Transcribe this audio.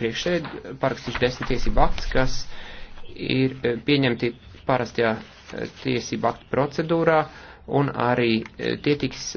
priekšēd parakstīšu desmit tiesību akts, kas ir eh, pieņemti parastajā eh, tiesību aktu procedūrā un arī eh, tie tiks